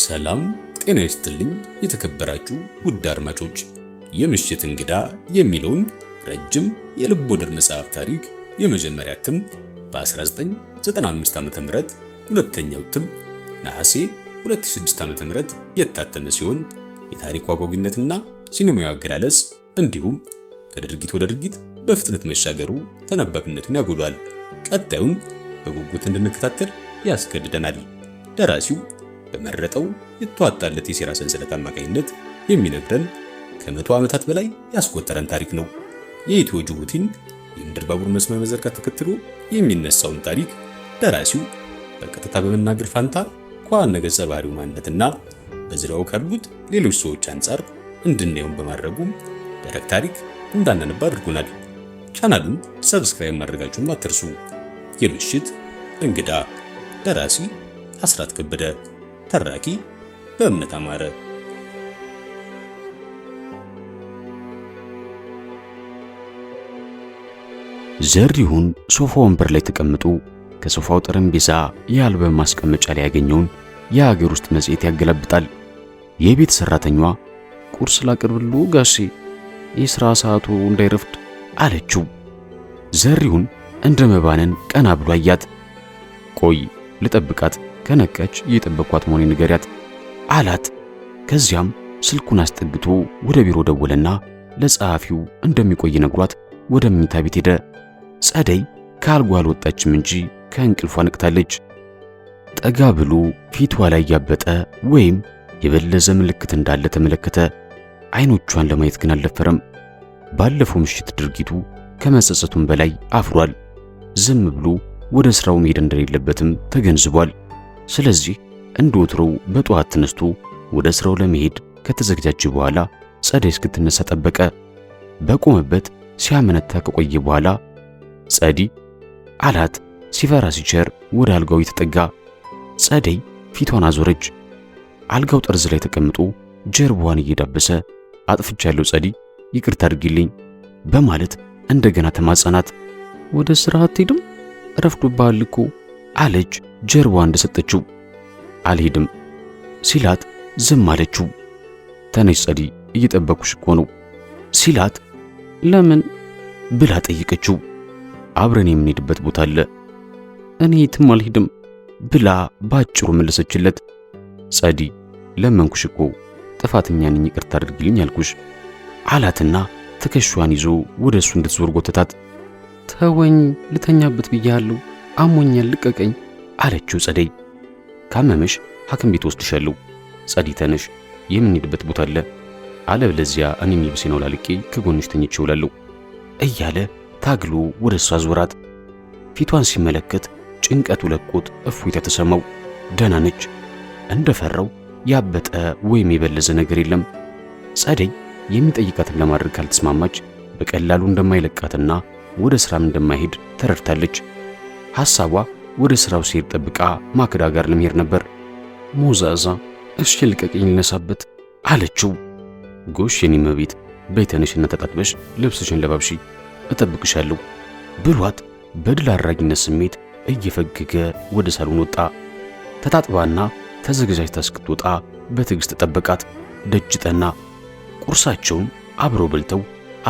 ሰላም ጤና ይስጥልኝ የተከበራችሁ ውድ አድማጮች፣ የምሽት እንግዳ የሚለውን ረጅም የልብ ወለድ መጽሐፍ ታሪክ የመጀመሪያ እትም በ1995 ዓ.ም ሁለተኛው እትም ነሐሴ ዓ ዓ.ም የታተመ ሲሆን የታሪኩ አጓጊነትና ሲኒማዊ አገላለጽ እንዲሁም ከድርጊት ወደ ድርጊት በፍጥነት መሻገሩ ተነባቢነቱን ያጎሏል። ቀጣዩን በጉጉት እንድንከታተል ያስገድደናል። ደራሲው በመረጠው የተዋጣለት የሴራ ሰንሰለት አማካኝነት የሚነግረን ከመቶ ዓመታት በላይ ያስቆጠረን ታሪክ ነው። የኢትዮ ጅቡቲን የምድር ባቡር መስመር መዘርጋት ተከትሎ የሚነሳውን ታሪክ ደራሲው በቀጥታ በመናገር ፋንታ ከዋና ገጸ ባህሪው ማንነትና በዙሪያው ካሉት ሌሎች ሰዎች አንጻር እንድናየውን በማድረጉ ደረቅ ታሪክ እንዳናነባ አድርጎናል። ቻናሉን ሰብስክራይብ ማድረጋችሁን አትርሱ። የምሽት እንግዳ ደራሲ አስራት ከበደ ተራኪ በእምነት አማረ ዘሪሁን ሶፋ ወንበር ላይ ተቀምጦ ከሶፋው ጠረጴዛ የአልበም ማስቀመጫ ላይ ያገኘውን የሀገር ውስጥ መጽሔት ያገለብጣል። የቤት ሰራተኛዋ ቁርስ ላቅርብሉ ጋሼ፣ የሥራ ሰዓቱ እንዳይረፍድ አለችው። ዘሪሁን እንደ መባነን ቀና ብሎ አያት። ቆይ ልጠብቃት ከነቀች እየጠበኳት መሆኔ ንገሪያት አላት። ከዚያም ስልኩን አስጠግቶ ወደ ቢሮ ደወለና ለጸሐፊው እንደሚቆይ ነግሯት ወደ መኝታ ቤት ሄደ። ጸደይ ከአልጓ አልወጣችም እንጂ ከእንቅልፏ ነቅታለች። ጠጋ ብሎ ፊቷ ላይ ያበጠ ወይም የበለዘ ምልክት እንዳለ ተመለከተ። አይኖቿን ለማየት ግን አልደፈረም። ባለፈው ምሽት ድርጊቱ ከመጸጸቱም በላይ አፍሯል። ዝም ብሎ ወደ ስራው መሄድ እንደሌለበትም ተገንዝቧል። ስለዚህ እንደ ወትሮው በጠዋት ተነስቶ ወደ ስራው ለመሄድ ከተዘጋጀ በኋላ ጸደይ እስክትነሳ ጠበቀ። በቆመበት ሲያመነታ ከቆየ በኋላ ጸዲ አላት። ሲፈራ ሲቸር ወደ አልጋው የተጠጋ ጸደይ ፊቷን አዞረች። አልጋው ጠርዝ ላይ ተቀምጦ ጀርባዋን እየዳበሰ አጥፍቻለሁ ጸዲ፣ ይቅርታ አድርጊልኝ በማለት እንደገና ተማጸናት። ወደ ስራ አትሄድም? ረፍዶብሃል እኮ አለች። ጀርባ እንደሰጠችው አልሄድም ሲላት ዝም አለችው። ተነሽ ጸዲ፣ እየጠበኩሽ እኮ ነው ሲላት ለምን ብላ ጠየቀችው። አብረን የምንሄድበት ቦታ አለ፣ እኔ የትም አልሄድም ብላ ባጭሩ መለሰችለት። ጸዲ፣ ለመንኩሽ እኮ ጥፋተኛ ነኝ፣ ይቅርታ አድርግልኝ አልኩሽ አላትና ትከሻዋን ይዞ ወደ እሱ እንድትዞር ጎተታት። ተወኝ፣ ልተኛበት ብያለሁ፣ አሞኛል፣ ልቀቀኝ አለችው ጸደይ። ካመመሽ ሐኪም ቤት ወስድሻለሁ። ጸደይ ተነሽ፣ የምንሄድበት ቦታ አለ። አለብለዚያ እኔም ነው አውላልቄ ከጎንሽ ተኝቼ እውላለሁ እያለ ታግሎ ወደ እሷ ፊቷን ሲመለከት ጭንቀቱ ለቆት እፎይታ ተሰማው። ደህና ነች። እንደፈራው ያበጠ ወይም የበለዘ ነገር የለም። ጸደይ የሚጠይቃትን ለማድረግ ካልተስማማች በቀላሉ እንደማይለቃትና ወደ ስራም እንደማይሄድ ተረድታለች። ሐሳቧ ወደ ስራው ሲሄድ ጠብቃ ማክዳ ጋር ለመሄድ ነበር። ሞዛዛ እሺ ልቀቅኝ ልነሳበት አለችው። ጎሽ የኔ መቤት በይተነሽና ተጣጥበሽ ልብስሽን ለባብሺ እጠብቅሻለሁ ብሏት በድል አድራጊነት ስሜት እየፈገገ ወደ ሳሎን ወጣ። ተጣጥባና ተዘገጃጅታ እስክትወጣ በትዕግሥት ጠበቃት። ደጅ ጠና። ቁርሳቸውን አብረው በልተው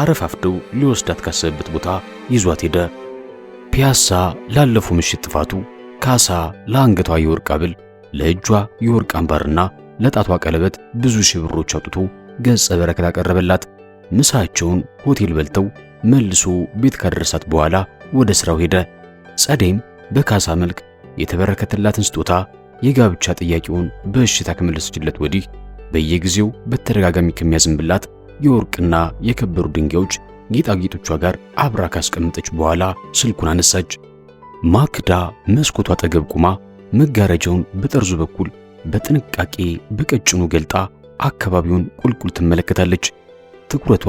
አረፋፍደው ሊወስዳት ካሰበበት ቦታ ይዟት ሄደ። ፒያሳ ላለፉ ምሽት ጥፋቱ ካሳ ለአንገቷ የወርቅ ሀብል ለእጇ የወርቅ አምባርና ለጣቷ ቀለበት ብዙ ሺህ ብሮች አውጥቶ ገጸ በረከት አቀረበላት። ምሳቸውን ሆቴል በልተው መልሶ ቤት ካደረሳት በኋላ ወደ ስራው ሄደ። ጸደይም በካሳ መልክ የተበረከተላትን ስጦታ የጋብቻ ጥያቄውን በእሽታ ከመለሰችለት ወዲህ በየጊዜው በተደጋጋሚ ከሚያዝንብላት የወርቅና የከበሩ ድንጋዮች ጌጣጌጦቿ ጋር አብራ ካስቀምጠች በኋላ ስልኩን አነሳች። ማክዳ መስኮቷ አጠገብ ቆማ መጋረጃውን በጠርዙ በኩል በጥንቃቄ በቀጭኑ ገልጣ አካባቢውን ቁልቁል ትመለከታለች። ትኩረቷ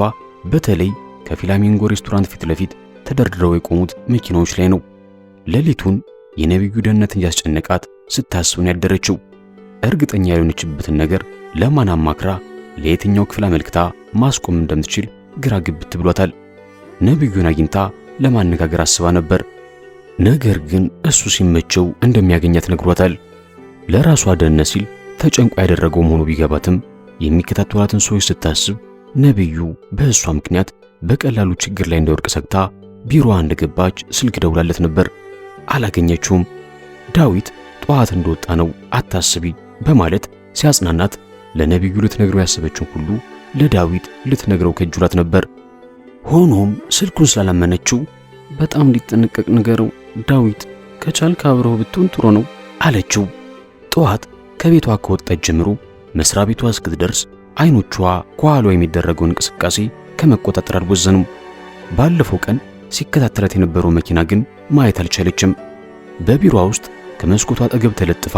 በተለይ ከፊላሚንጎ ሬስቶራንት ፊት ለፊት ተደርድረው የቆሙት መኪናዎች ላይ ነው። ሌሊቱን የነቢዩ ደህንነትን ያስጨነቃት ስታስብን ያደረችው እርግጠኛ የሆነችበትን ነገር ለማን አማክራ ለየትኛው ክፍል አመልክታ ማስቆም እንደምትችል ግራ ግብት ብሏታል። ነቢዩን አግኝታ ለማነጋገር አስባ ነበር። ነገር ግን እሱ ሲመቸው እንደሚያገኛት ነግሯታል። ለራሷ ደህንነት ሲል ተጨንቆ ያደረገው መሆኑ ቢገባትም የሚከታተሏትን ሰዎች ስታስብ ነቢዩ በእሷ ምክንያት በቀላሉ ችግር ላይ እንደወድቅ ሰግታ ቢሮዋ እንደገባች ስልክ ደውላለት ነበር። አላገኘችውም። ዳዊት ጠዋት እንደወጣ ነው አታስቢ በማለት ሲያጽናናት ለነቢዩ ልትነግረው ያሰበችውን ሁሉ ለዳዊት ልትነግረው ከእጁላት ነበር። ሆኖም ስልኩን ስላላመነችው በጣም ሊጠነቀቅ ንገረው፣ ዳዊት ከቻልክ አብረው ብትሆን ጥሩ ነው አለችው። ጠዋት ከቤቷ ከወጣች ጀምሮ መስሪያ ቤቷ እስክትደርስ አይኖቿ ከኋሏ የሚደረገው እንቅስቃሴ ከመቆጣጠር አልወዘኑም። ባለፈው ቀን ሲከታተላት የነበረው መኪና ግን ማየት አልቻለችም። በቢሮዋ ውስጥ ከመስኮቷ አጠገብ ተለጥፋ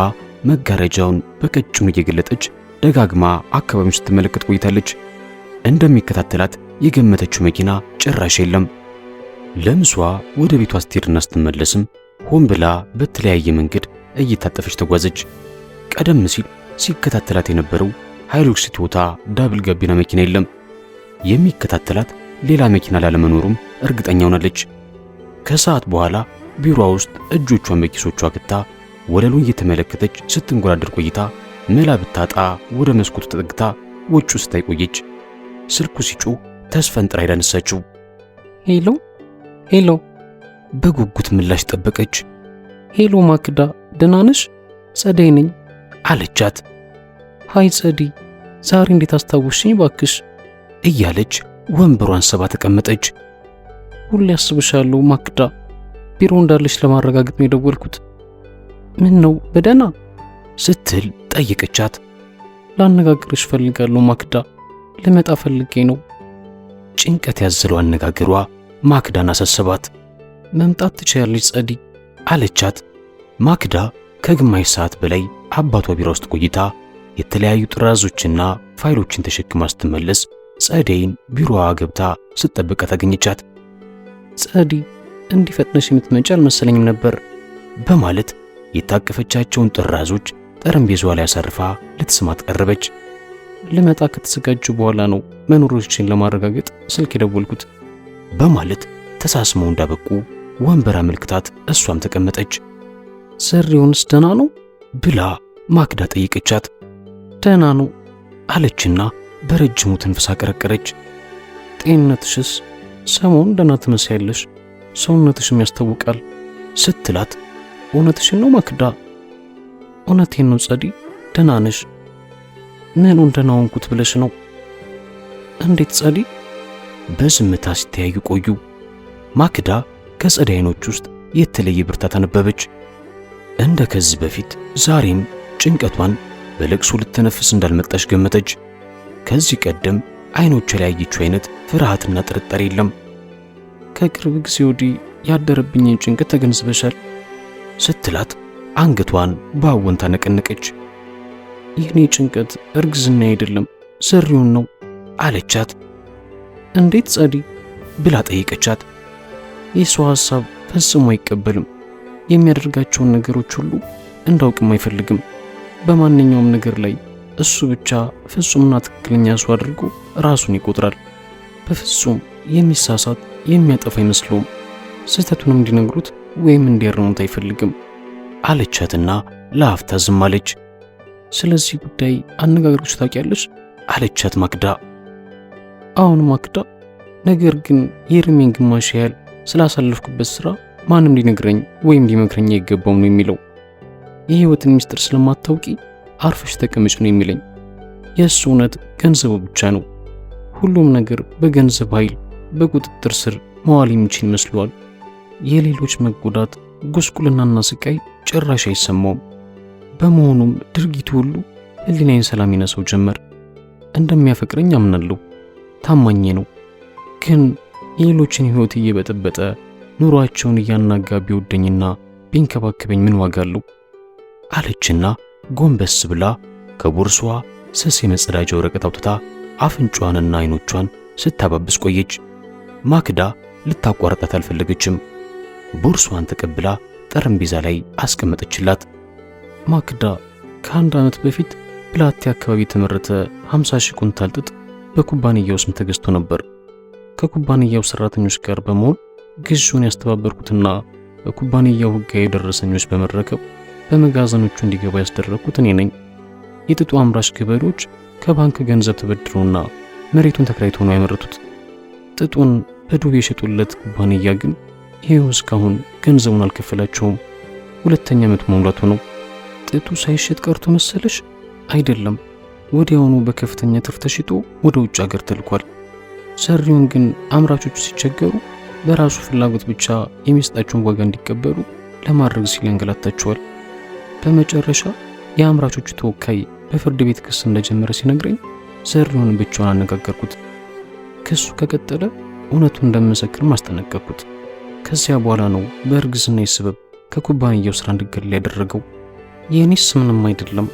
መጋረጃውን በቀጭኑ እየገለጠች ደጋግማ አካባቢውን ስትመለከት ቆይታለች። እንደሚከታተላት የገመተችው መኪና ጭራሽ የለም። ለምሷ ወደ ቤቷ ስትሄድና ስትመለስም ሆን ብላ በተለያየ መንገድ እየታጠፈች ተጓዘች። ቀደም ሲል ሲከታተላት የነበረው ሃይሉክስ ቶዮታ ዳብል ጋቢና መኪና የለም። የሚከታተላት ሌላ መኪና ላለመኖሩም እርግጠኛ ሆናለች። ከሰዓት በኋላ ቢሮዋ ውስጥ እጆቿን በኪሶቿ ግታ ወለሉን እየተመለከተች ስትንጎራደር ቆይታ መላ ብታጣ ወደ መስኮቱ ተጠግታ ውጭ ስታይ ቆየች። ስልኩ ሲጮህ ተስፈንጥራ የዳነሳችው ሄሎ ሄሎ በጉጉት ምላሽ ጠበቀች። ሄሎ ማክዳ ደህና ነሽ? ጸደይ ነኝ አለቻት። ሃይ ጸዲ፣ ዛሬ እንዴት አስታወስሽኝ ባክሽ እያለች ወንበሯን ሰባ ተቀመጠች። ሁሌ አስብሻለሁ ማክዳ፣ ቢሮ እንዳለች ለማረጋገጥ ነው የደወልኩት። ምን ነው በደና ስትል ጠየቀቻት። ላነጋግርሽ ፈልጋለሁ ማክዳ ልመጣ ፈልጌ ነው። ጭንቀት ያዘለው አነጋገሯ ማክዳን አሳሰባት። መምጣት ትችያለች ጸዲ አለቻት። ማክዳ ከግማሽ ሰዓት በላይ አባቷ ቢራ ውስጥ ቆይታ የተለያዩ ጥራዞችና ፋይሎችን ተሸክማ ስትመለስ ጸደይን ቢሮዋ ገብታ ስትጠብቃት አገኘቻት። ጸዲ እንዲህ ፈጥነሽ የምትመጪ አልመሰለኝም ነበር በማለት የታቀፈቻቸውን ጥራዞች ጠረጴዛዋ ላይ አሳርፋ ልትስማት ቀረበች። ልመጣ ከተዘጋጁ በኋላ ነው መኖሮችን ለማረጋገጥ ስልክ የደወልኩት በማለት ተሳስመው እንዳበቁ ወንበር አመልክታት እሷም ተቀመጠች። ሰሪውንስ ደህና ነው ብላ ማክዳ ጠይቀቻት። ደህና ነው አለችና በረጅሙ ትንፍሳ ቀረቀረች። ጤንነትሽስ? ሰሞኑን ደህና ትመስያለሽ፣ ሰውነትሽም ያስታውቃል ስትላት፣ እውነትሽን ነው ማክዳ? እውነቴን ነው ጸዲ፣ ደህና ነሽ ምኑ እንደናወንኩት ብለሽ ነው? እንዴት ጸዲ በዝምታ ሲተያዩ ቆዩ። ማክዳ ከጸዲ አይኖች ውስጥ የተለየ ብርታት አነበበች። እንደ ከዚህ በፊት ዛሬም ጭንቀቷን በለቅሶ ልትነፍስ እንዳልመጣች ገመተች። ከዚህ ቀደም አይኖቿ ላይ ያየችው አይነት ፍርሃትና ጥርጣሬ የለም። ከቅርብ ጊዜ ወዲህ ያደረብኝን ጭንቀት ተገንዝበሻል ስትላት አንገቷን በአወንታ ነቀነቀች። የእኔ ጭንቀት እርግዝና አይደለም ሰሪውን ነው አለቻት። እንዴት ጸዲ ብላ ጠየቀቻት። የሰው ሐሳብ ፈጽሞ አይቀበልም። የሚያደርጋቸውን ነገሮች ሁሉ እንዳውቅም አይፈልግም። በማንኛውም ነገር ላይ እሱ ብቻ ፍጹምና ትክክለኛ ሰው አድርጎ ራሱን ይቆጥራል። በፍጹም የሚሳሳት የሚያጠፍ አይመስለውም። ስህተቱንም እንዲነግሩት ወይም እንዲያርሙት አይፈልግም አለቻትና ለአፍታ ዝም አለች። ስለዚህ ጉዳይ አነጋገርኩሽ ታውቂያለሽ አለቻት ማክዳ። አሁን ማክዳ ነገር ግን የርሜን ግማሽ ያህል ስላሳለፍኩበት ስራ ማንም ሊነግረኝ ወይም ሊመክረኝ አይገባም ነው የሚለው። የህይወትን ምስጢር ስለማታውቂ አርፈሽ ተቀመጭ ነው የሚለኝ። የእሱ እውነት ገንዘቡ ብቻ ነው። ሁሉም ነገር በገንዘብ ኃይል በቁጥጥር ስር መዋል የሚችል ይመስለዋል። የሌሎች መጎዳት ጉስቁልናና ስቃይ ጭራሽ አይሰማውም። በመሆኑም ድርጊቱ ሁሉ ህሊናዬን ሰላም ይነሳው ጀመር። እንደሚያፈቅረኝ አምናለሁ፣ ታማኝ ነው። ግን የሌሎችን ህይወት እየበጠበጠ ኑሯቸውን እያናጋ ቢወደኝና ቢንከባከበኝ ምን ዋጋ አለው? አለችና ጎንበስ ብላ ከቦርሷዋ ስስ የመጸዳጃ ወረቀት አውጥታ አፍንጫዋንና አይኖቿን ስታባብስ ቆየች። ማክዳ ልታቋርጣት አልፈለገችም። ቦርሷን ተቀብላ ጠረጴዛ ላይ አስቀመጠችላት። ማክዳ ከአንድ ዓመት በፊት ብላቴ አካባቢ የተመረተ 50 ሺህ ኩንታል ጥጥ በኩባንያው ስም ተገዝቶ ነበር። ከኩባንያው ሰራተኞች ጋር በመሆን ግዢውን ያስተባበርኩትና በኩባንያው ሕጋዊ ደረሰኞች በመረከብ በመጋዘኖቹ እንዲገባ ያስደረግኩት እኔ ነኝ። የጥጡ አምራች ገበሬዎች ከባንክ ገንዘብ ተበድረውና መሬቱን ተከራይቶ ነው ያመረቱት። ጥጡን በዱብ የሸጡለት ኩባንያ ግን ይሄው እስካሁን ገንዘቡን አልከፈላቸውም። ሁለተኛ ዓመት መሙላቱ ነው። ጥጡ ሳይሸጥ ቀርቶ መሰለሽ? አይደለም፣ ወዲያውኑ በከፍተኛ ትርፍ ተሽጦ ወደ ውጭ ሀገር ተልኳል። ሰሪውን ግን አምራቾቹ ሲቸገሩ በራሱ ፍላጎት ብቻ የሚሰጣቸውን ዋጋ እንዲቀበሉ ለማድረግ ሲል ያንገላታቸዋል። በመጨረሻ የአምራቾቹ ተወካይ በፍርድ ቤት ክስ እንደጀመረ ሲነግረኝ ዘሪሁን ብቻውን አነጋገርኩት። ክሱ ከቀጠለ እውነቱን እንደምመሰክር ማስጠነቀቅኩት። ከዚያ በኋላ ነው በእርግዝና ይስበብ ከኩባንያው ስራ እንድገለል ያደረገው። የእኔስ ምንም አይደለም።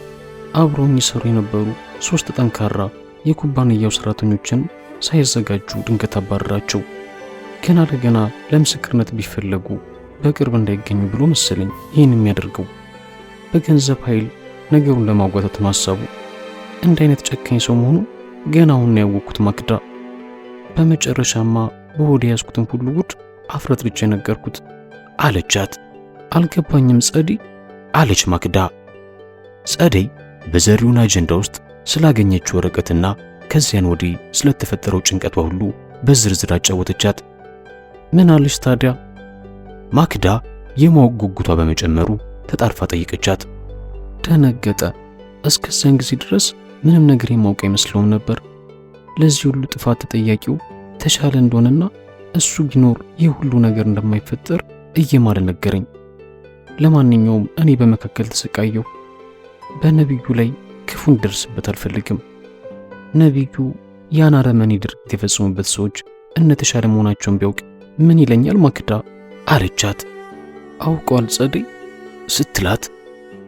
አብረውኝ ይሰሩ የነበሩ ሶስት ጠንካራ የኩባንያው ሰራተኞችን ሳይዘጋጁ ድንገት አባረራቸው። ገና ለገና ለምስክርነት ቢፈለጉ በቅርብ እንዳይገኙ ብሎ መሰለኝ ይህን የሚያደርገው። በገንዘብ ኃይል ነገሩን ለማጓተት ማሳቡ እንደ አይነት ጨካኝ ሰው መሆኑ ገና አሁን ያወቅኩት ማክዳ። በመጨረሻማ በሆዴ ያዝኩትን ሁሉ ጉድ አፍረት ልጄ ነገርኩት አለቻት። አልገባኝም ጸዲ አለች ማክዳ። ጸደይ በዘሪውን አጀንዳ ውስጥ ስላገኘችው ወረቀትና ከዚያን ወዲህ ስለተፈጠረው ጭንቀቷ ሁሉ በዝርዝር አጫወተቻት። ምን አለች ታዲያ? ማክዳ የማወቅ ጉጉቷ በመጨመሩ ተጣርፋ ጠይቀቻት። ደነገጠ። እስከዚያን ጊዜ ድረስ ምንም ነገር የማውቅ አይመስለውም ነበር። ለዚህ ሁሉ ጥፋት ተጠያቂው ተሻለ እንደሆነና እሱ ቢኖር ይህ ሁሉ ነገር እንደማይፈጠር እየማለ ነገረኝ ለማንኛውም እኔ በመካከል ተሰቃየው። በነቢዩ ላይ ክፉ እንዲደርስበት አልፈልግም። ነቢዩ ያን አረመኔ ድርጊት የፈጸሙበት ሰዎች እነተሻለ መሆናቸውን ቢያውቅ ምን ይለኛል ማክዳ አለቻት። አውቀዋል ጸደይ ስትላት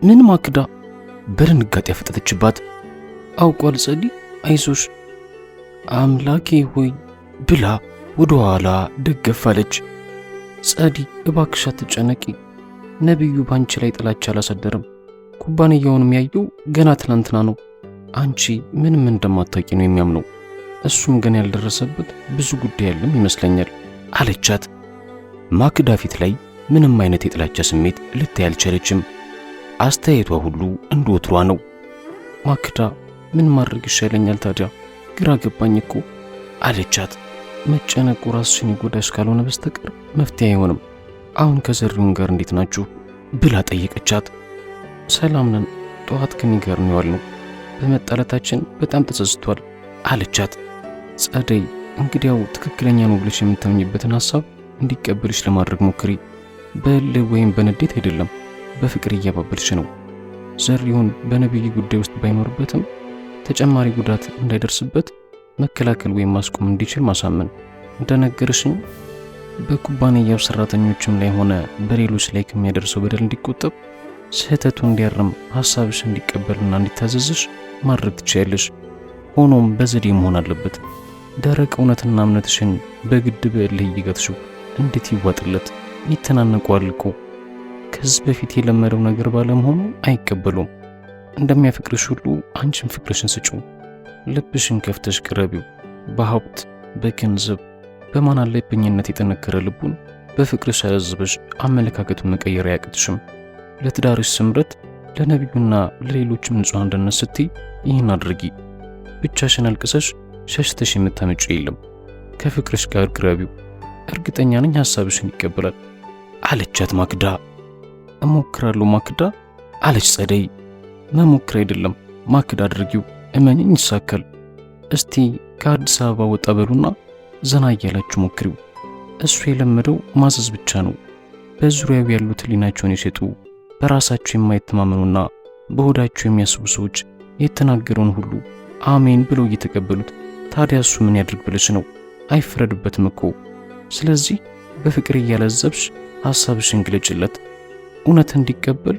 ምን ማክዳ በድንጋጤ ያፈጠተችባት። አውቋል ጸደይ አይዞሽ አምላኬ ሆይ ብላ ወደ ኋላ ደገፋለች። ጸደይ እባክሻ ተጨነቂ? ነቢዩ በአንቺ ላይ ጥላቻ አላሳደርም። ኩባንያውን የሚያየው ገና ትናንትና ነው። አንቺ ምንም እንደማታውቂ ነው የሚያምነው። እሱም ገና ያልደረሰበት ብዙ ጉዳይ ያለም ይመስለኛል አለቻት። ማክዳ ፊት ላይ ምንም አይነት የጥላቻ ስሜት ልታይ አልቻለችም። አስተያየቷ ሁሉ እንደ ወትሯ ነው። ማክዳ ምን ማድረግ ይሻለኛል ታዲያ ግራ ገባኝ እኮ አለቻት። መጨነቁ ራስሽን ይጎዳሽ ካልሆነ በስተቀር መፍትሄ አይሆንም። አሁን ከዘሪሁን ጋር እንዴት ናችሁ ብላ ጠየቀቻት። ሰላም ነን፣ ጠዋት ከኔ ጋር ነው ነው በመጣላታችን በጣም ተጸጽቷል አለቻት። ጸደይ እንግዲያው ትክክለኛ ነው ብለሽ የምታምኝበትን ሀሳብ እንዲቀበልሽ ለማድረግ ሞክሪ። በል ወይም በንዴት አይደለም፣ በፍቅር እያባበልሽ ነው። ዘሪሁን በነቢይ ጉዳይ ውስጥ ባይኖርበትም ተጨማሪ ጉዳት እንዳይደርስበት መከላከል ወይም ማስቆም እንዲችል ማሳመን እንደነገርሽኝ በኩባንያው ሰራተኞችም ላይ ሆነ በሌሎች ላይ ከሚያደርሰው በደል እንዲቆጠብ ስህተቱ እንዲያርም ሀሳብሽ እንዲቀበልና እንዲታዘዝሽ ማድረግ ትችያለሽ። ሆኖም በዘዴ መሆን አለበት። ደረቅ እውነትና እምነትሽን በግድ በእልህ እየገትሽው እንዴት ይዋጥለት? ይተናነቋል እኮ። ከዚህ በፊት የለመደው ነገር ባለመሆኑ አይቀበሉም። እንደሚያፈቅርሽ ሁሉ አንቺን ፍቅርሽን ስጪው። ልብሽን ከፍተሽ ቅረቢው። በሀብት በገንዘብ በማን አለብኝነት የጠነከረ ልቡን በፍቅር ሳያዝብሽ አመለካከቱን መቀየር አያቅትሽም። ለትዳርሽ ስምረት ለነቢዩና ለሌሎችም ንጹሕ አንድነት ስትይ ይህን አድርጊ። ብቻሽን አልቅሰሽ ሸሽተሽ የምታመጪው የለም። ከፍቅርሽ ጋር ግረቢው። እርግጠኛ ነኝ ሐሳብሽን ይቀበላል አለቻት ማክዳ። እሞክራለሁ ማክዳ አለች ጸደይ። መሞክር አይደለም ማክዳ አድርጊው፣ እመኝኝ ይሳካል። እስቲ ከአዲስ አበባ ወጣ በሉና ዘና እያላችሁ ሞክሪው። እሱ የለመደው ማዘዝ ብቻ ነው። በዙሪያው ያሉት ህሊናቸውን የሸጡ በራሳቸው የማይተማመኑና በሆዳቸው የሚያስቡ ሰዎች የተናገረውን ሁሉ አሜን ብለው እየተቀበሉት፣ ታዲያ እሱ ምን ያድርግ ብለሽ ነው? አይፈረድበትም እኮ። ስለዚህ በፍቅር እያለዘብሽ ሐሳብሽን ግለጭለት። እውነት እንዲቀበል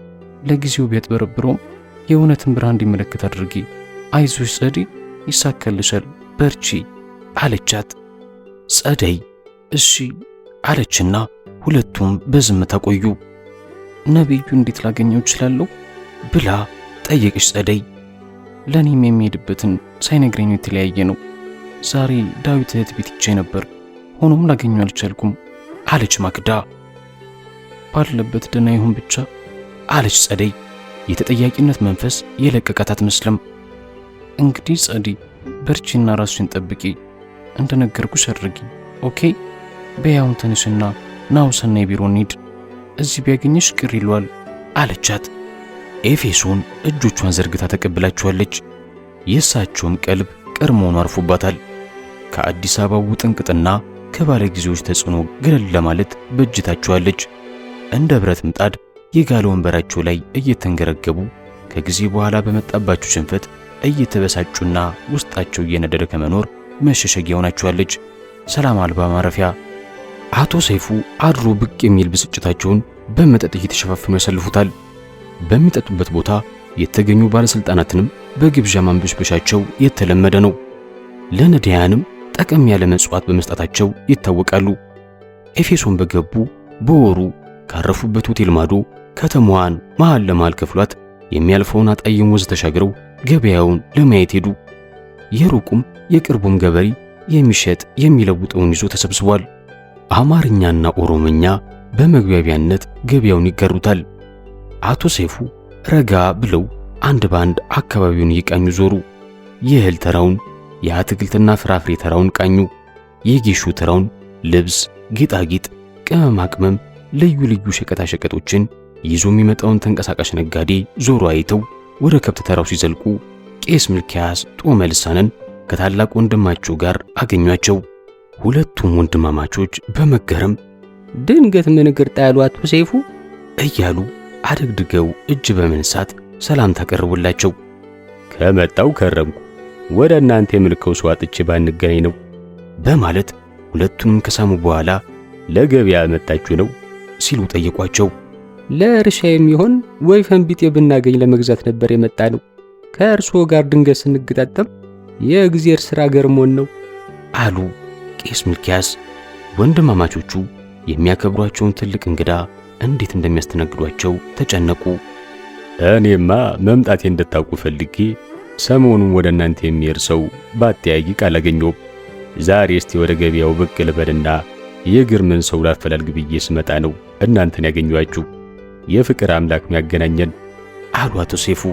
ለጊዜው ቢያጥበረብረውም የእውነትን ብርሃን እንዲመለከት አድርጊ። አይዞሽ ጸዲ፣ ይሳካልሻል፣ በርቺ አለቻት። ጸደይ እሺ አለችና ሁለቱም በዝም ተቆዩ። ነቢዩ እንዴት ላገኘው እችላለሁ ብላ ጠየቅሽ ጸደይ። ለእኔም የሚሄድበትን ሳይነግረኝ የተለያየ ነው። ዛሬ ዳዊት እህት ቤት ይቼ ነበር፣ ሆኖም ላገኘው አልቻልኩም አለች ማክዳ። ባለበት ደህና ይሁን ብቻ አለች ጸደይ። የተጠያቂነት መንፈስ የለቀቃት አትመስልም። እንግዲህ ጸደይ በርቺና ራስሽን ጠብቂ እንደነገርኩሽ አድርጊ። ኦኬ በያውን ተነሽና ናው ውሰናይ ቢሮ እንሂድ፣ እዚህ ቢያገኝሽ ቅር ይሏል አለቻት። ኤፌሶን እጆቿን ዘርግታ ተቀብላችኋለች። የእሳቸውም ቀልብ ቀድሞውኑ አርፎባታል። ከአዲስ አበባው ውጥንቅጥና ከባለ ጊዜዎች ተጽዕኖ ገለል ለማለት በእጅታቸዋለች። እንደ ብረት ምጣድ የጋለ ወንበራቸው ላይ እየተንገረገቡ ከጊዜ በኋላ በመጣባቸው ሽንፈት እየተበሳጩና ውስጣቸው እየነደደ ከመኖር መሸሸጊያ ሆናችኋለች። ሰላም አልባ ማረፊያ። አቶ ሰይፉ አድሮ ብቅ የሚል ብስጭታቸውን በመጠጥ እየተሸፋፈኑ ያሰልፉታል። በሚጠጡበት ቦታ የተገኙ ባለስልጣናትንም በግብዣ ማንበሽበሻቸው የተለመደ ነው። ለነዳያንም ጠቀም ያለ መጽዋት በመስጠታቸው ይታወቃሉ። ኤፌሶን በገቡ በወሩ ካረፉበት ሆቴል ማዶ ከተማዋን መሃል ለመሃል ከፍሏት የሚያልፈውን አጣዬም ወንዝ ተሻግረው ገበያውን ለማየት ሄዱ። የሩቁም የቅርቡም ገበሬ የሚሸጥ የሚለውጠውን ይዞ ተሰብስቧል። አማርኛና ኦሮምኛ በመግቢያቢያነት ገበያውን ይጋሩታል። አቶ ሰይፉ ረጋ ብለው አንድ ባንድ አካባቢውን እየቃኙ ዞሩ። የእህል ተራውን፣ የአትክልትና ፍራፍሬ ተራውን ቃኙ። የጌሾ ተራውን ልብስ፣ ጌጣጌጥ፣ ቅመማ ቅመም፣ ልዩ ልዩ ሸቀጣሸቀጦችን ይዞ የሚመጣውን ተንቀሳቃሽ ነጋዴ ዞሮ አይተው ወደ ከብት ተራው ሲዘልቁ ቄስ ሚልኪያስ ጦመልሳንን ልሳንን ከታላቅ ወንድማቸው ጋር አገኟቸው። ሁለቱም ወንድማማቾች በመገረም ድንገት ምን ግርጣ ያሏት አቶ እያሉ አድግድገው እጅ በመንሳት ሰላምታ ቀረቡላቸው። ከመጣው ከረምኩ ወደ እናንተ የምልከው ሰው አጥቼ ባንገናኝ ነው በማለት ሁለቱንም ከሳሙ በኋላ ለገበያ መጣችሁ ነው ሲሉ ጠየቋቸው። ለእርሻ የሚሆን ወይፈን ቢጤ ብናገኝ ለመግዛት ነበር የመጣ ነው ከእርስዎ ጋር ድንገት ስንገጣጠም የእግዜር ሥራ ገርሞን ነው አሉ ቄስ ሚልኪያስ። ወንድማማቾቹ የሚያከብሯቸውን ትልቅ እንግዳ እንዴት እንደሚያስተናግዷቸው ተጨነቁ። እኔማ መምጣቴ እንድታውቁ ፈልጌ ሰሞኑን ወደ እናንተ የሚሄድ ሰው ባጠያቂ ቃል ዛሬ እስቲ ወደ ገበያው ብቅ ልበልና የግርምን ሰው ላፈላልግ ብዬ ስመጣ ነው እናንተን ያገኘኋችሁ። የፍቅር አምላክ ሚያገናኘን አሉ አቶ ሴፉ።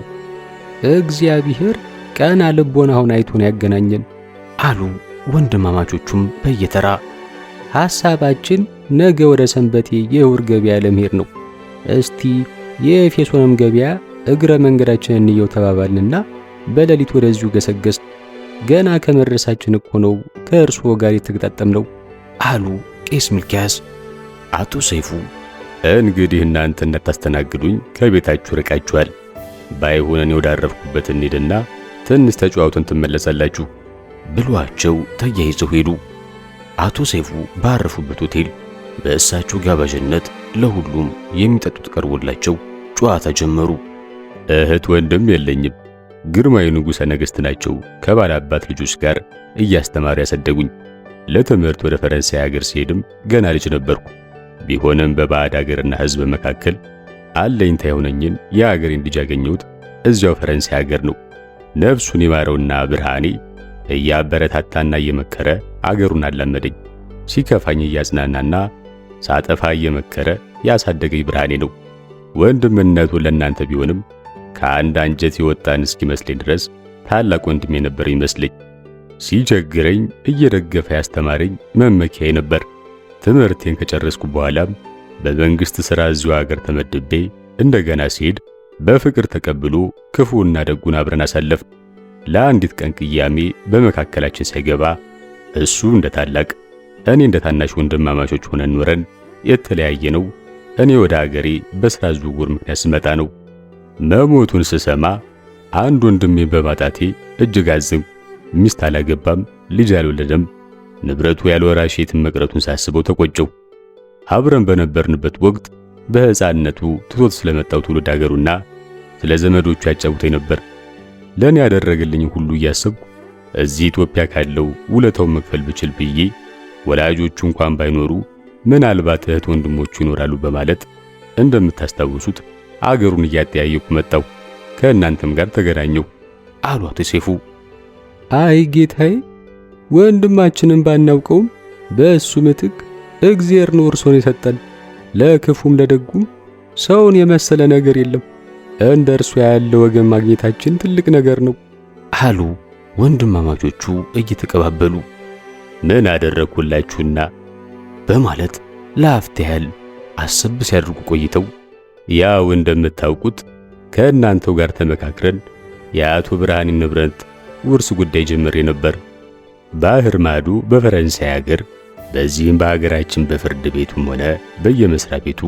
እግዚአብሔር ቀና ልቦናውን አይቶን ያገናኘን አሉ ወንድማማቾቹም በየተራ። ሐሳባችን ነገ ወደ ሰንበቴ የእሁድ ገበያ ለመሄድ ነው። እስቲ የኤፌሶንም ገበያ እግረ መንገዳችንን እንየው ተባባልንና በሌሊት ወደዚሁ ገሰገስ። ገና ከመድረሳችን እኮ ነው ከእርስዎ ጋር ነው አሉ ቄስ ሚልኪያስ። አቶ ሰይፉ እንግዲህ እናንተ እንዳታስተናግዱኝ ከቤታችሁ ርቃችኋል ባይሆን እኔ ወዳረፍኩበት እንሂድና ትንሽ ተጨዋውተን ትመለሳላችሁ ብሏቸው ተያይዘው ሄዱ። አቶ ሰይፉ ባረፉበት ሆቴል በእሳቸው ጋባዥነት ለሁሉም የሚጠጡት ቀርቦላቸው ጨዋታ ጀመሩ። እህት ወንድም የለኝም፣ ግርማዊ ንጉሠ ነገሥት ናቸው ከባለ አባት ልጆች ጋር እያስተማሩ ያሳደጉኝ። ለትምህርት ወደ ፈረንሳይ ሀገር ሲሄድም ገና ልጅ ነበርኩ። ቢሆንም በባዕድ ሀገርና ሕዝብ መካከል አለኝታ የሆነኝን የአገሬን ልጅ ያገኘሁት እዚያው ፈረንሳይ ሀገር ነው። ነፍሱን የማረውና ብርሃኔ እያበረታታና እየመከረ አገሩን አላመደኝ። ሲከፋኝ እያጽናናና ሳጠፋ እየመከረ ያሳደገኝ ብርሃኔ ነው። ወንድምነቱ ለእናንተ ቢሆንም ከአንድ አንጀት የወጣን እስኪመስለኝ ድረስ ታላቅ ወንድም የነበረ ይመስለኝ። ሲቸግረኝ እየደገፈ ያስተማረኝ መመኪያዬ ነበር። ትምህርቴን ከጨረስኩ በኋላም በመንግስት ሥራ እዚሁ ሀገር ተመድቤ እንደገና ሲሄድ በፍቅር ተቀብሎ ክፉና ደጉን አብረን አሳለፍ። ለአንዲት ቀን ቅያሜ በመካከላችን ሳይገባ እሱ እንደ ታላቅ እኔ እንደ ታናሽ ወንድማማቾች ሆነን ኖረን የተለያየ ነው። እኔ ወደ አገሬ በሥራ ዝውውር ምክንያት ስመጣ ነው። መሞቱን ስሰማ አንድ ወንድሜ በማጣቴ እጅግ አዘንኩ። ሚስት አላገባም፣ ልጅ አልወለደም። ንብረቱ ያልወራሽ የትም መቅረቱን ሳስበው ተቆጨው። አብረን በነበርንበት ወቅት በሕፃንነቱ ትቶት ስለመጣው ትውልድ አገሩና ስለ ዘመዶቹ ያጫውተኝ ነበር። ለእኔ ያደረገልኝ ሁሉ እያሰብኩ እዚህ ኢትዮጵያ ካለው ውለታው መክፈል ብችል ብዬ ወላጆቹ እንኳን ባይኖሩ ምናልባት እህት ወንድሞቹ ይኖራሉ በማለት እንደምታስታውሱት አገሩን እያጠያየኩ መጣሁ። ከእናንተም ጋር ተገናኘሁ አሉ አቶ ሰይፉ። አይ ጌታዬ፣ ወንድማችንን ባናውቀውም በእሱ ምትክ እግዚአብሔር ነው እርሶን የሰጠን። ለክፉም ለደጉም ሰውን የመሰለ ነገር የለም። እንደ እርሱ ያለ ወገን ማግኘታችን ትልቅ ነገር ነው አሉ ወንድማማቾቹ እየተቀባበሉ። ምን አደረኩላችሁና በማለት ለአፍታ ያህል አሰብ ሲያደርጉ ቆይተው ያው እንደምታውቁት ከእናንተው ጋር ተመካክረን የአቶ ብርሃኔ ንብረት ውርስ ጉዳይ ጀምሬ ነበር። ባህር ማዶ በፈረንሳይ ሀገር በዚህም በሀገራችን በፍርድ ቤቱም ሆነ በየመስሪያ ቤቱ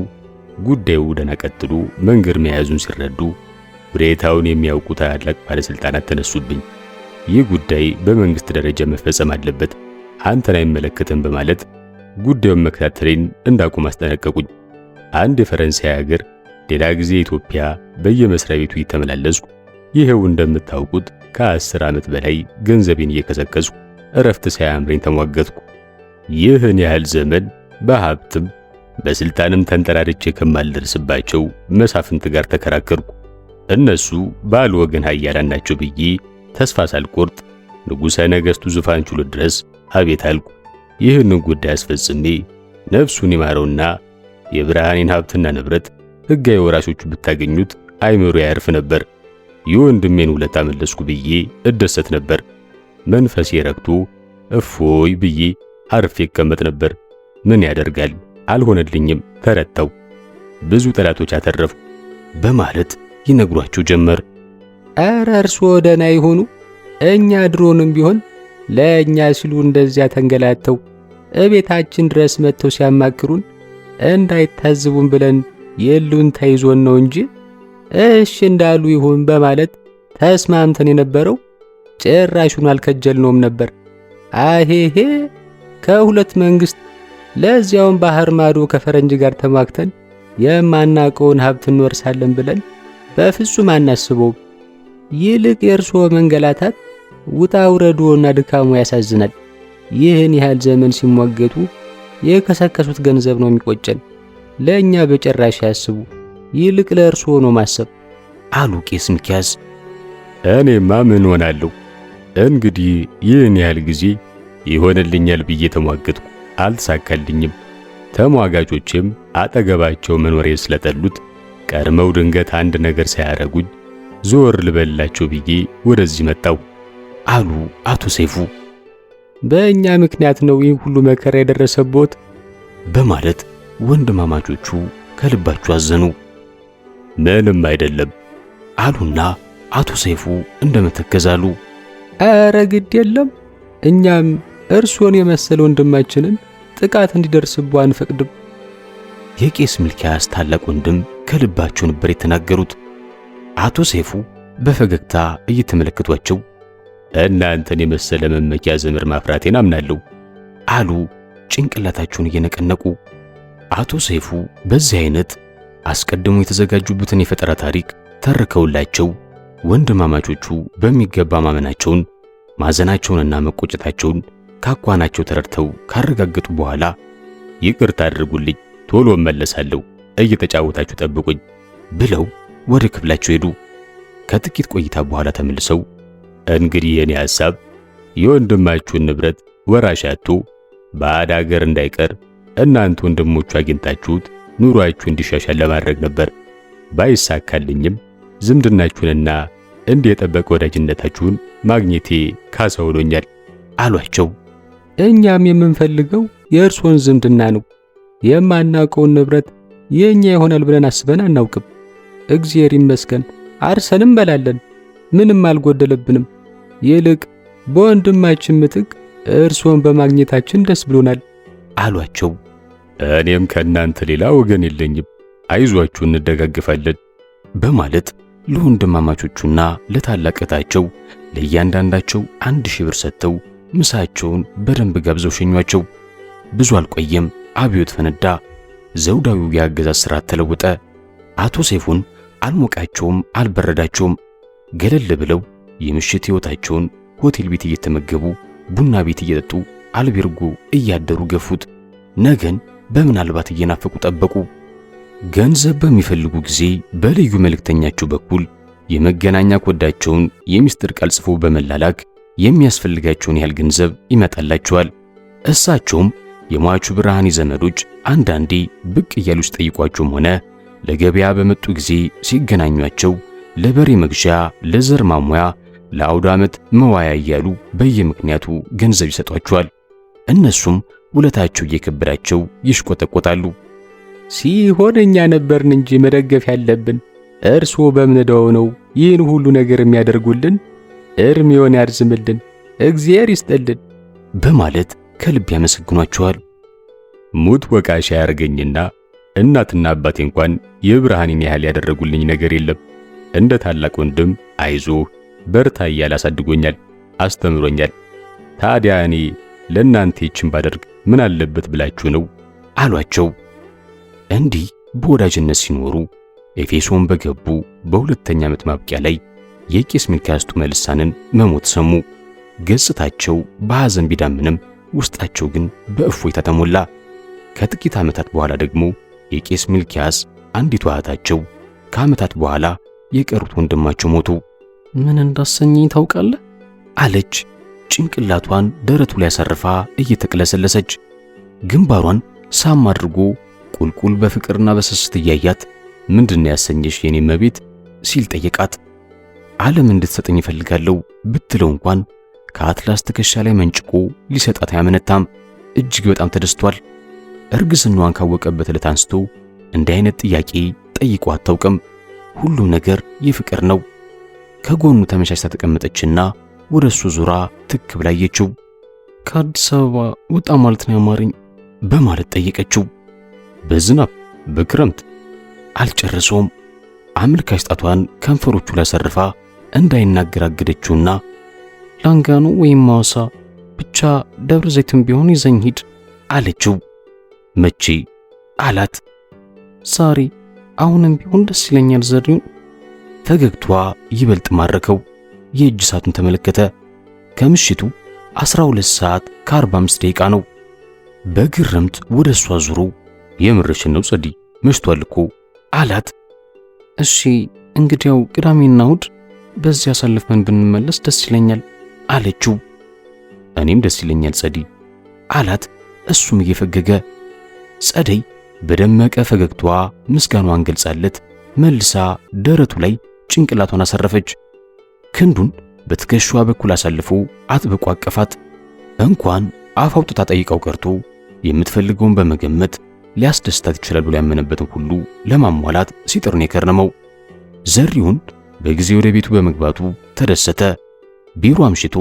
ጉዳዩ ደናቀጥሉ መንገድ መያዙን ሲረዱ ሁኔታውን የሚያውቁ ታላላቅ ባለስልጣናት ተነሱብኝ። ይህ ጉዳይ በመንግስት ደረጃ መፈጸም አለበት፣ አንተን አይመለከትም በማለት ጉዳዩን መከታተሌን እንዳቆም አስጠነቀቁኝ። አንድ የፈረንሳይ ሀገር፣ ሌላ ጊዜ ኢትዮጵያ በየመስሪያ ቤቱ እየተመላለስኩ ይሄው እንደምታውቁት ከአስር ዓመት በላይ ገንዘቤን እየከሰከስኩ እረፍት ሳያምረኝ ተሟገትኩ። ይህን ያህል ዘመን በሀብትም በስልጣንም ተንጠራርቼ ከማልደርስባቸው መሳፍንት ጋር ተከራከርኩ። እነሱ ባል ወገን ኃያላን ናቸው ብዬ ተስፋ ሳልቆርጥ ንጉሠ ነገሥቱ ዙፋን ችሎ ድረስ አቤት አልኩ። ይህንን ጉዳይ አስፈጽሜ ነፍሱን ይማረውና የብርሃኔን ሀብትና ንብረት ሕጋዊ ወራሾቹ ብታገኙት አይምሮ ያርፍ ነበር። የወንድሜን ውለታ መለስኩ ብዬ እደሰት ነበር። መንፈሴ ረክቶ እፎይ ብዬ አርፌ ይቀመጥ ነበር። ምን ያደርጋል አልሆነልኝም፣ ተረተው ብዙ ጠላቶች አተረፉ በማለት ይነግሯችሁ ጀመር። ኧረ እርስዎ ደህና ይሆኑ፣ እኛ ድሮንም ቢሆን ለእኛ ሲሉ እንደዚያ ተንገላተው እቤታችን ድረስ መጥተው ሲያማክሩን እንዳይታዝቡን ብለን የሉን ተይዞን ነው እንጂ እሺ እንዳሉ ይሁን በማለት ተስማምተን የነበረው ጭራሹን አልከጀልነውም ነበር። አሄሄ ከሁለት መንግስት ለዚያውን ባህር ማዶ ከፈረንጅ ጋር ተማክተን የማናቀውን ሀብት እንወርሳለን ብለን በፍጹም አናስበውም። ይልቅ የእርስዎ መንገላታት ውጣ ውረዶና ድካሙ ያሳዝናል። ይህን ያህል ዘመን ሲሟገቱ የከሰከሱት ገንዘብ ነው የሚቆጨን። ለእኛ በጭራሽ ያስቡ፣ ይልቅ ለእርስዎ ነው ማሰብ አሉ ቄስ ሚኪያስ። እኔማ ምን ሆናለሁ እንግዲህ ይህን ያህል ጊዜ ይሆንልኛል ብዬ ተሟገጥኩ። አልተሳካልኝም። ተሟጋቾችም አጠገባቸው መኖሪያ ስለጠሉት ቀድመው ድንገት አንድ ነገር ሳያረጉኝ ዞር ልበላቸው ብዬ ወደዚህ መጣው አሉ አቶ ሰይፉ። በእኛ ምክንያት ነው ይህ ሁሉ መከራ የደረሰቦት በማለት ወንድማማቾቹ ከልባቸው አዘኑ። ምንም አይደለም አሉና አቶ ሰይፉ እንደመተከዛሉ። ኧረ ግድ የለም እኛም እርሱን የመሰለ ወንድማችንን ጥቃት እንዲደርስብዎ አንፈቅድም። የቄስ ሚልኪያስ ታላቅ ወንድም ከልባቸው ነበር የተናገሩት። አቶ ሰይፉ በፈገግታ እየተመለከቷቸው እናንተን የመሰለ መመኪያ ዘመር ማፍራቴን አምናለሁ አሉ፣ ጭንቅላታቸውን እየነቀነቁ። አቶ ሰይፉ በዚህ አይነት አስቀድሞ የተዘጋጁበትን የፈጠራ ታሪክ ተርከውላቸው ወንድማማቾቹ በሚገባ ማመናቸውን ማዘናቸውንና መቆጨታቸውን ካኳናቸው ተረድተው ካረጋገጡ በኋላ ይቅርታ አድርጉልኝ፣ ቶሎ እመለሳለሁ፣ እየተጫወታችሁ ጠብቁኝ ብለው ወደ ክፍላቸው ሄዱ። ከጥቂት ቆይታ በኋላ ተመልሰው እንግዲህ የኔ ሐሳብ የወንድማችሁን ንብረት ወራሽ አጥቶ ባዕድ አገር እንዳይቀር እናንተ ወንድሞቹ አግኝታችሁት ኑሯችሁ እንዲሻሻል ለማድረግ ነበር። ባይሳካልኝም ዝምድናችሁንና እንደ የጠበቀ ወዳጅነታችሁን ማግኘቴ ካሳ ውሎኛል አሏቸው። እኛም የምንፈልገው የእርሶን ዝምድና ነው። የማናውቀውን ንብረት የእኛ ይሆናል ብለን አስበን አናውቅም። እግዚአብሔር ይመስገን አርሰንም በላለን፣ ምንም አልጎደለብንም። ይልቅ በወንድማችን ምትክ እርሶን በማግኘታችን ደስ ብሎናል አሏቸው። እኔም ከእናንተ ሌላ ወገን የለኝም፣ አይዟችሁ፣ እንደጋግፋለን በማለት ለወንድማማቾቹና ለታላቅ እህታቸው ለእያንዳንዳቸው አንድ ሺህ ብር ሰጥተው ምሳቸውን በደንብ ጋብዘው ሸኟቸው። ብዙ አልቆየም አብዮት ፈነዳ። ዘውዳዊው የአገዛዝ ስራ ተለወጠ። አቶ ሰይፉን አልሞቃቸውም፣ አልበረዳቸውም። ገለል ብለው የምሽት ሕይወታቸውን ሆቴል ቤት እየተመገቡ ቡና ቤት እየጠጡ አልቤርጎ እያደሩ ገፉት። ነገን በምናልባት እየናፈቁ ጠበቁ። ገንዘብ በሚፈልጉ ጊዜ በልዩ መልእክተኛቸው በኩል የመገናኛ ኮዳቸውን የሚስጥር ቃል ጽፎ በመላላክ የሚያስፈልጋቸውን ያህል ገንዘብ ይመጣላቸዋል። እሳቸውም የሟቹ ብርሃኔ ዘመዶች አንዳንዴ ብቅ እያሉ ሲጠይቋቸውም ሆነ ለገበያ በመጡ ጊዜ ሲገናኟቸው ለበሬ መግዣ፣ ለዘር ማሙያ፣ ለአውደ ዓመት መዋያ እያሉ በየምክንያቱ ገንዘብ ይሰጧቸዋል። እነሱም ውለታቸው እየከበዳቸው ይሽቆጠቆጣሉ። ሲሆን እኛ ነበርን እንጂ መደገፍ ያለብን እርስዎ በምን ዕዳው ነው ይህን ሁሉ ነገር የሚያደርጉልን እድሜውን ያርዝምልን፣ እግዚአብሔር ይስጠልን በማለት ከልብ ያመሰግኗቸዋል። ሙት ወቃሽ ያርገኝና እናትና አባቴ እንኳን የብርሃኔን ያህል ያደረጉልኝ ነገር የለም። እንደ ታላቅ ወንድም አይዞህ በርታ እያለ አሳድጎኛል፣ አስተምሮኛል። ታዲያ እኔ ለእናንተ ይችን ባደርግ ምን አለበት ብላችሁ ነው አሏቸው። እንዲህ በወዳጅነት ሲኖሩ ኤፌሶን በገቡ በሁለተኛ ዓመት ማብቂያ ላይ የቄስ ሚልኪያስ መልሳንን መሞት ሰሙ። ገጽታቸው በሐዘን ቢዳምንም ውስጣቸው ግን በእፎይታ ተሞላ። ከጥቂት ዓመታት በኋላ ደግሞ የቄስ ሚልክያስ አንዲቱ እህታቸው ከዓመታት በኋላ የቀሩት ወንድማቸው ሞቱ። ምን እንዳሰኘኝ ታውቃለህ? አለች ጭንቅላቷን ደረቱ ላይ አሰርፋ እየተቅለሰለሰች። ግንባሯን ሳም አድርጎ ቁልቁል በፍቅርና በስስት እያያት ምንድን ያሰኘሽ የኔ መቤት ሲል ጠየቃት። ዓለም እንድትሰጠኝ እፈልጋለሁ ብትለው እንኳን ከአትላስ ትከሻ ላይ መንጭቆ ሊሰጣት አያመነታም። እጅግ በጣም ተደስቷል። እርግዝናዋን ካወቀበት ዕለት አንስቶ እንዲህ አይነት ጥያቄ ጠይቆ አታውቅም። ሁሉም ነገር የፍቅር ነው። ከጎኑ ተመቻችታ ተቀመጠችና ወደ እሱ ዙራ ትክ ብላ አየችው። ከአዲስ አበባ ወጣ ማለት ነው ያማረኝ በማለት ጠየቀችው። በዝናብ በክረምት አልጨረሰውም። አመልካች ጣቷን ከንፈሮቹ ላይ ሰርፋ። እንዳይናገር አገደችውና ወይም ሐዋሳ ብቻ ደብረ ዘይትም ቢሆን ይዘኝ ሂድ አለችው። መቼ አላት። ዛሬ አሁንም ቢሆን ደስ ይለኛል ዘሪሁን። ፈገግቷ ይበልጥ ማረከው። የእጅ ሰዓቱን ተመለከተ። ከምሽቱ 12 ሰዓት ከ45 ደቂቃ ነው። በግርምት ወደ እሷ ዙሮ የምርሽን ነው ጸዲ፣ መሽቷል እኮ አላት። እሺ እንግዲያው ቅዳሜና እሁድ በዚህ አሳልፈን ብንመለስ ደስ ይለኛል አለችው። እኔም ደስ ይለኛል ጸዲ አላት እሱም እየፈገገ። ጸደይ በደመቀ ፈገግታዋ ምስጋናዋን ገልጻለት መልሳ ደረቱ ላይ ጭንቅላቷን አሰረፈች። ክንዱን በትከሻዋ በኩል አሳልፎ አጥብቆ አቀፋት። እንኳን አፍ አውጥታ ጠይቀው ቀርቶ የምትፈልገውን በመገመት ሊያስደስታት ይችላል ብሎ ያመነበትን ሁሉ ለማሟላት ሲጥር ነው የከረመው። ዘሪሁን በጊዜ ወደ ቤቱ በመግባቱ ተደሰተ። ቢሮ አምሽቶ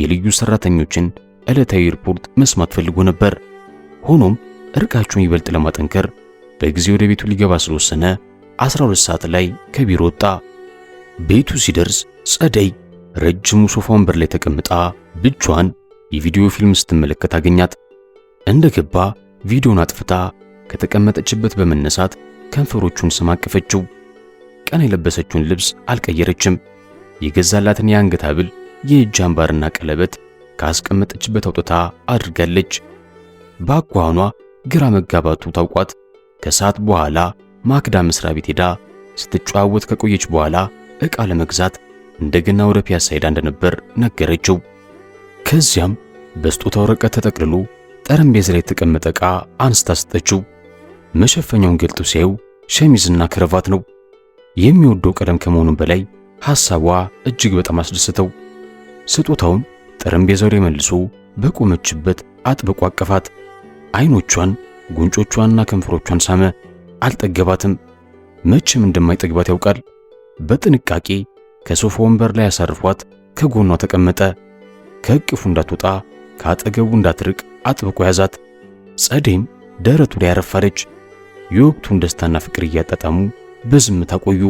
የልዩ ሰራተኞችን ዕለታዊ ሪፖርት መስማት ፈልጎ ነበር። ሆኖም እርቃቸውን ይበልጥ ለማጠንከር በጊዜ ወደ ቤቱ ሊገባ ስለወሰነ 12 ሰዓት ላይ ከቢሮ ወጣ። ቤቱ ሲደርስ ጸደይ ረጅሙ ሶፋ ወንበር ላይ ተቀምጣ ብቻዋን የቪዲዮ ፊልም ስትመለከት አገኛት። እንደገባ ቪዲዮን አጥፍታ ከተቀመጠችበት በመነሳት ከንፈሮቹን ስማ አቀፈችው። ቀን የለበሰችውን ልብስ አልቀየረችም። የገዛላትን የአንገት ሐብል፣ የእጅ አምባርና ቀለበት ካስቀመጠችበት አውጥታ አድርጋለች። በአኳኋኗ ግራ መጋባቱ ታውቋት ከሰዓት በኋላ ማክዳ መስሪያ ቤት ሄዳ ስትጨዋወት ከቆየች በኋላ ዕቃ ለመግዛት እንደገና ወደ ፒያሳ ሄዳ እንደነበር ነገረችው። ከዚያም በስጦታ ወረቀት ተጠቅልሎ ጠረጴዛ ላይ የተቀመጠ ዕቃ አንስታ ሰጠችው። መሸፈኛውን ገልጦ ሲያዩ ሸሚዝና ክረቫት ነው። የሚወደው ቀለም ከመሆኑም በላይ ሐሳቧ እጅግ በጣም አስደስተው ስጦታውን ጠረጴዛው ላይ መልሶ በቆመችበት አጥብቆ አቀፋት። አይኖቿን፣ ጉንጮቿንና ከንፈሮቿን ሳመ። አልጠገባትም። መቼም እንደማይጠግባት ያውቃል። በጥንቃቄ ከሶፋ ወንበር ላይ ያሳርፏት ከጎኗ ተቀመጠ። ከእቅፉ እንዳትወጣ ከአጠገቡ እንዳትርቅ አጥብቆ ያዛት። ጸደይም ደረቱ ላይ ያረፋለች። የወቅቱን ደስታና ፍቅር እያጣጣሙ በዝምታ ቆዩ።